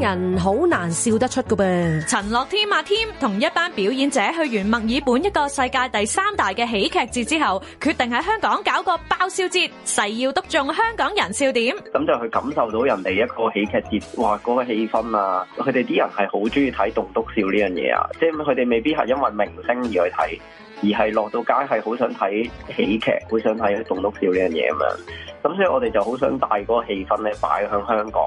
人好難笑得出㗎噃。陳樂添、阿添同一班表演者去完墨爾本一個世界第三大嘅喜劇節之後，決定喺香港搞個爆笑節，誓要篤中香港人笑點。咁就去感受到人哋一個喜劇節，哇，嗰個氣氛啊！佢哋啲人係好中意睇棟篤笑呢樣嘢啊！即係佢哋未必係因為明星而去睇，而係落到街係好想睇喜劇，好想睇一棟篤笑呢樣嘢啊嘛～咁所以我哋就好想帶嗰個氣氛咧，擺向香港，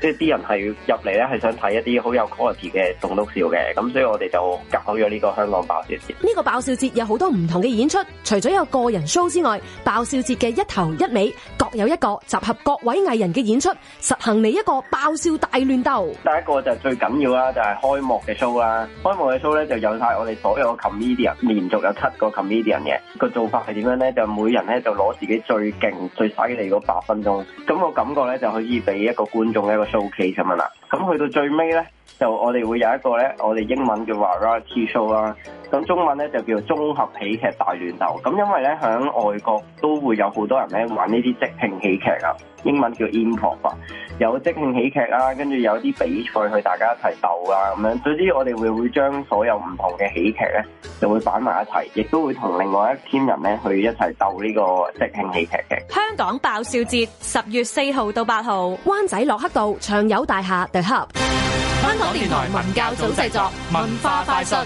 即係啲人係入嚟咧，係想睇一啲好有 quality 嘅棟篤笑嘅。咁所以我哋就搞咗呢個香港爆笑節。呢個爆笑節有好多唔同嘅演出，除咗有個人 show 之外，爆笑節嘅一頭一尾，有一個集合各位藝人嘅演出，實行嚟一個爆笑大亂鬥。第一個就最緊要啦，就係開幕嘅 show 啦。開幕嘅 show 咧，就有晒我哋所有嘅 comedian，連續有七個 comedian 嘅。個做法係點樣咧？就每人咧就攞自己最勁、最犀利嗰八分鐘。咁我感覺咧就可以俾一個觀眾一個 showcase 咁樣啦。咁去到最尾咧。就我哋會有一個咧，我哋英文叫 Variety Show 啦，咁中文咧就叫綜合喜劇大亂鬥。咁因為咧喺外國都會有好多人咧玩呢啲即興喜劇啊，英文叫 Impro，有即興喜劇啊，跟住有啲比賽去大家一齊鬥啊咁樣。所以我哋會會將所有唔同嘅喜劇咧就會擺埋一齊，亦都會同另外一 team 人咧去一齊鬥呢個即興喜劇嘅香港爆笑節，十月四號到八號，灣仔駱克道長友大廈 The Hub。香港電台文教組製作《文化快訊》。